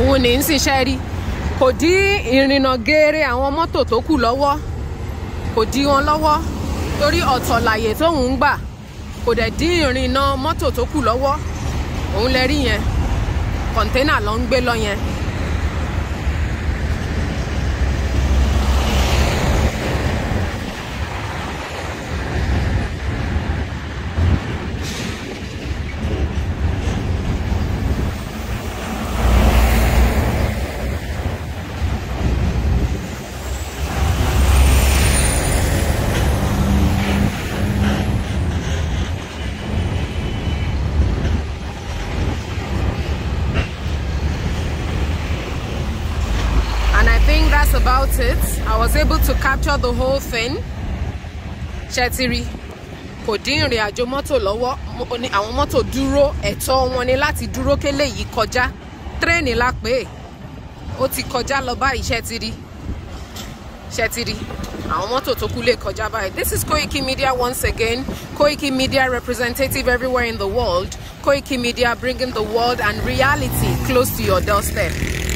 òun ní ń ṣiṣẹ́ rí kò dí ìrìnnà geere àwọn mọ́tò tó kù lọ́wọ́ kò dí wọn lọ́wọ́ torí ọ̀tọ̀ làyè tóun ń gbà kò dẹ̀ dí ìrìnnà mọ́tò tó kù lọ́wọ́ òun lẹ rí yẹn kọ̀ńténà ló ń gbé lọ yẹn think that's about it. I was able to capture the whole thing. Ṣẹtiri kò dín ìrìn àjò mọ́tò lọ́wọ́ àwọn mọ́tò dúró ẹ̀tọ́ wọn ni láti dúró kélé yìí kọjá tírẹ́ẹ̀nì la pè é ó ti kọjá lọ báyìí ṣẹtiri ṣẹtiri àwọn mọ́tò tó kú lè kọjá This is Koiki Media once again Koiki Media representative everywhere in the world Koiki Media bringing the world and reality close to your doorstep.